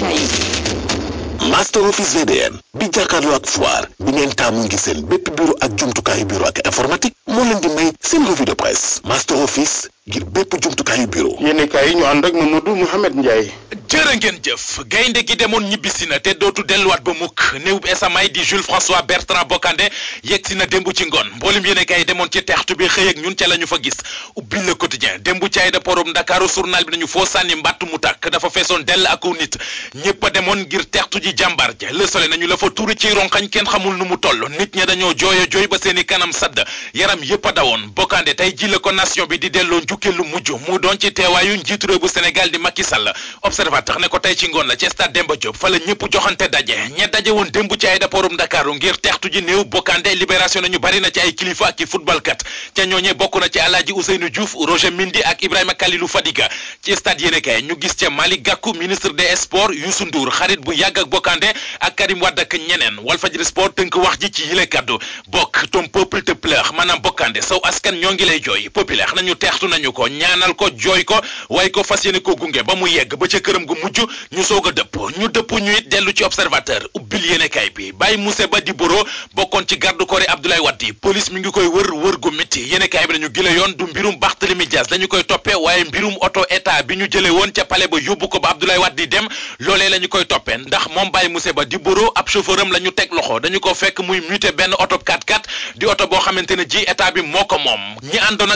nii master office VDM bi jàkkaarloo ak foire bi ngeen taamu ngi seen bépp bureau ak jumtukaayu bureau ak informatique moo leen di may seen revue de presse master office ngir bépp jumtukaayu bureau. yéen kaay yi ñu ànd ak Mamadou Mouhamed Ndiaye. jërë ngeen jëf gaynde gi demoon ñibbisi na te dootu delluwaat ba mukk néewub esamaay di Jules François Bertrand Bocandé yegg si na démb ci ngoon mboolem yéen kaay yi demoon ci textu bi xëy ak ñun ca la ñu fa gis ubbi le quotidien démb ci aéroportu Ndakaaru journal bi nañu foo sànni mbàtt mu tàkk dafa feesoon dell ak aw nit ñëpp a demoon ngir textu ji jàmbaar ja le soleil nañu la fa tuuri ci ronxañ kenn nu mu toll nit ña dañoo jooyo jooy ba seeni kanam sadd yaram yëpp a dawoon Bocandé fukkeelu mujj mu doon ci teewaayu njiitu réew bu Sénégal di Macky Sall observateur ne ko tey ci ngoon la ci stade Demba Diop fa la ñëpp joxante daje ña daje woon démb ci aéroportum Ndakaaru ngir teextu ji néew bokkande libération nañu bari na ci ay kilifa ak i football kat ca ñooñee bokk na ci Alaaji Ousseynou Diouf Roger Mendy ak Ibrahima Kalilou Fadiga ci stade yéene kay ñu gis ca Malick Gakou ministre des sports Youssou Ndour xarit bu yàgg ak bokkande ak Karim Wade ak ñeneen Walfadjri Sport tënk wax ji ci yile kaddu bokk ton peuple te pleure maanaam bokkande saw askan ñoo ngi lay jooy populaire nañu teextu nañu ñaanluñu ko ñaanal ko jooy ko waaye ko fas yéene ko gunge ba mu yegg ba ca këram gu mujj ñu soog a dëpp ñu dëpp ñu it dellu ci observateur ubbil yéene kaay bi Baye Moussa ba di boro bokkoon ci garde corps Abdoulaye Wade police mi ngi koy wër wër gu métti yéene kaay bi nañu gile yoon du mbirum Barthélémy Dias lañu koy toppee waaye mbirum oto état bi ñu jële woon ca palais ba yóbbu ko ba Abdoulaye Wade di dem loolee la ñu koy toppee ndax moom Baye Moussa ba di boro la ñu teg loxo dañu ko fekk muy muté benn oto 4 x boo xamante ne ji bi moo ko moom ñi àndoon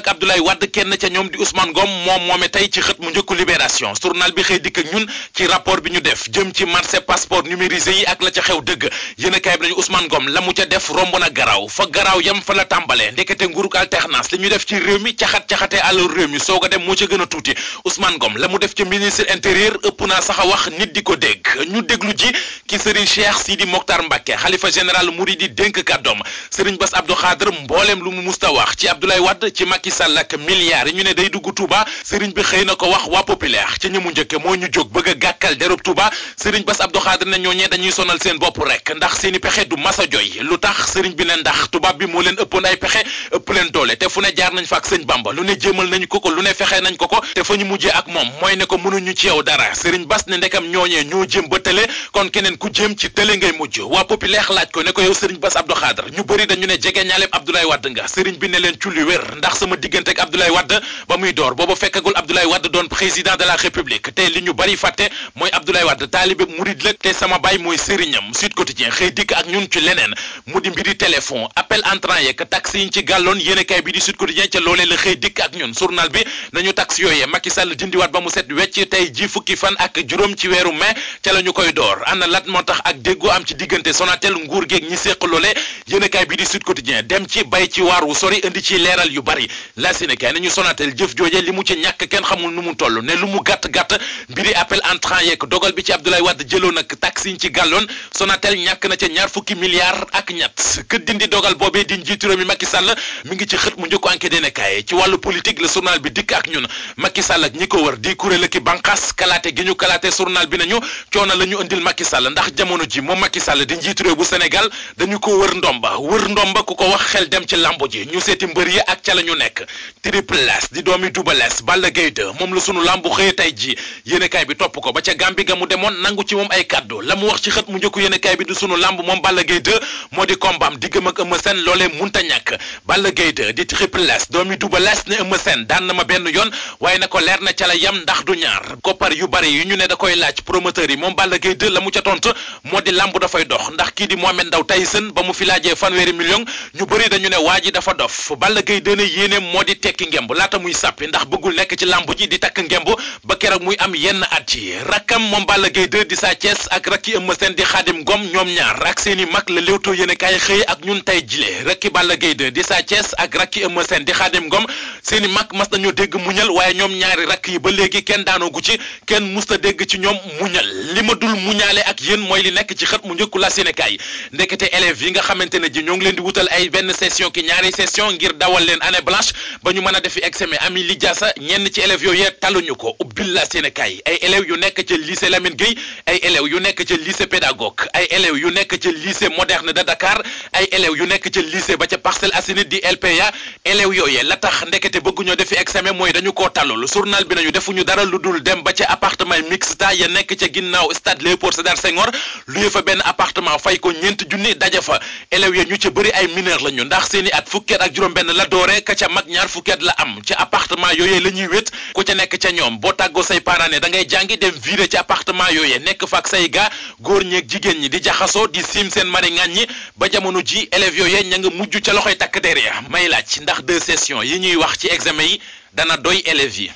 ñoom di Ousmane Ngom moom moome tey ci xët mu njëkku libération journal bi xëy dikk ñun ci rapport bi ñu def jëm ci marché passeport numérisé yi ak la ca xew dëgg yéen a kaay bi nañu Ousmane Ngom la mu ca def romb na garaaw fa garaaw yam fa la tàmbale ndekete nguurug alternance li ñu def ci réew mi caxat-caxatee àlal réew mi soog a dem moo ca gën a tuuti Ousmane Ngom la mu def ci ministre intérieur ëpp naa sax a wax nit di ko dégg ñu déglu ji ki Serigne Cheikh Sidi Mokhtar Mbacké xalifa général Mouridi dénk kàddoom Serigne Bass Abdou Khadre mbooleem lu mu musta wax ci Abdoulaye Wade ci Macky Sall ak milliards ne day dugg tubaa sëriñ bi xëy na ko wax wa populaire ca ñëmu njëkke moo ñu jóg bëgg a gàkkal derub Touba sëriñ Bass Abdou Khadre na ñooñee dañuy sonal seen bopp rekk ndax seeni pexe du masa joy lu tax sëriñ bi ne ndax tubaab bi moo leen ëppoon ay pexe ëpp leen doole te fu ne jaar nañ fa ak sëñ Bamba lu ne jéemal nañ ko ko lu ne fexe nañ ko ko te fa ñu mujjee ak moom mooy ne ko mënuñu ci yow dara sëriñ bas ne ndekam ñooñee ñoo jéem ba tële kon keneen ku jéem ci tële ngay mujj waa populaire laaj ko ne ko yow sëriñ Bass Abdou Khadre ñu bëri dañu ne jege ñaaleeb Abdoulaye Wade nga sëriñ bi leen ci ndax sama diggante ak Abdoulaye Wade ba muy door booba fekkagul Abdoulaye Wade doon président de la république te li ñu bari fàtte mooy Abdoulaye Wade taalibe murid la te sama baay mooy sëriñam Sud Quotidien xëy dikk ak ñun ci leneen mu di mbiri téléphone appel entrant yeeg taxe yi ci gàlloon yéenekaay bi di Sud Quotidien ca loolee la xëy dikk ak ñun journal bi nañu taxe yooyee Macky Sall dindiwaat ba mu set wecc tey ji fukki fan ak juróom ci weeru mai ca la koy door ana lat moo yu bari la jëf jooje li mu ci ñàkk kenn xamul nu mu toll ne lu mu gàtt-gàtt mbiri appel entrant yeeg dogal bi ci Abdoulaye Wade jëloon ak taxe yiñ ci gàlloon Sonatel ñàkk na ca ñaar fukki milliards ak ñett kët dindi dogal boobee di njiitu réew mi Macky Sall mi ngi ci xët mu njëkk enquête dene kaay ci wàllu politique le journal bi dikk ak ñun Macky Sall ak ñi ko wër di kuréel ak banqaas kalaate gi ñu kalaate journal bi nañu coono la ñu indil Macky Sall ndax jamono ji moom Macky Sall di njiitu réew bu Sénégal dañu ko wër ndomba wër ndomba ku ko wax xel dem ci lambo ji ñu seeti mbër yi ak ca la ñu nekk triple di doomi dubalees Balla Gaye 2 moom la sunu làmbu xëye tey ji kaay bi topp ko ba ca Gàmbi nga mu demoon nangu ci moom ay kàddu la mu wax ci xët mu njëkku yéenekaay bi di sunu làmb moom Balla Gaye 2 moo di kombaam diggëm ak Eumeu Sène loolee munta ñàkk Balla Gaye 2 di Triple Less doomi dubalees ne Eumeu Sène daan na ma benn yoon waaye na ko leer na ca la yam ndax du ñaar koppar yu bari yu ñu ne da koy laaj promoteur yi moom Balla Gaye 2 la mu ca tontu moo di làmb dafay dox ndax kii di Mohamed Ndao Tyson ba mu fi laajee fanweeri million ñu bëri dañu ne waa ji dafa dof Balla Gaye 2 ne moo di tekki ngemb laata muy sàppi ndax bëggul nekk ci làmb ji di takk ngemb ba keroog muy am yenn at yi rakkam moom Balla Gaye 2 di Sa Thiès ak rakki Eumeu seen di Khadim Ngom ñoom ñaar ak seeni mag la Leewtoo yéenekaay xëy ak ñun tey jile rakki Balla Gaye di Sa Thiès ak rakki Eumeu seen di Khadim Ngom seen i mag mas nañoo dégg muñal waaye ñoom ñaari rakk yi ba léegi kenn daanoogu ci kenn musta dégg ci ñoom muñal li ma dul muñaale ak yéen mooy li nekk ci xët mu njëkku la Sénégal ndekete élèves yi nga xamante ne ji ñoo ngi leen di wutal ay benn session ki ñaari session ngir dawal leen année blanche ba ñu mën a defi examen ami li jaasa ñenn ci élèves yooyu taluñu ko ubbil la Sénégal ay élèves yu nekk ca lycée Lamine Gueye ay élèves yu nekk ca lycée pédagogue ay élèves yu nekk ca lycée moderne de Dakar ay élèves yu nekk ci lycée ba ca Parcelles Assainies di LPA élèves yooyu la tax ndekete te bëgguñoo defi examen mooy dañu koo tàllul journal bi nañu defuñu dara lu dul dem ba ca appartement mixta ya nekk ca ginnaaw stade Léopold Sédar Senghor luye fa benn appartement fay ko ñeenti junni daje fa élèves ya ñu ca bëri ay mineur la ñu ndax seeni at fukkeet ak juróom-benn la doore ka ca mag ñaar fukkeet la am ci appartement yooyee la ñuy ku ca nekk ca ñoom boo tàggoo say parents ne da ngay jàngi dem viré ci appartement yooyee nekk fa ak say gaa góor ñeeg ñi di jaxasoo di siim seen mari ngaañ ñi ba ji élèves yooyee ña nga mujj ca loxoy takk der ya may laaj ndax deux sessions yi ci examen yi dana doy élèves yi.